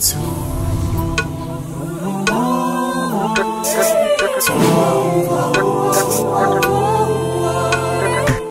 to Two.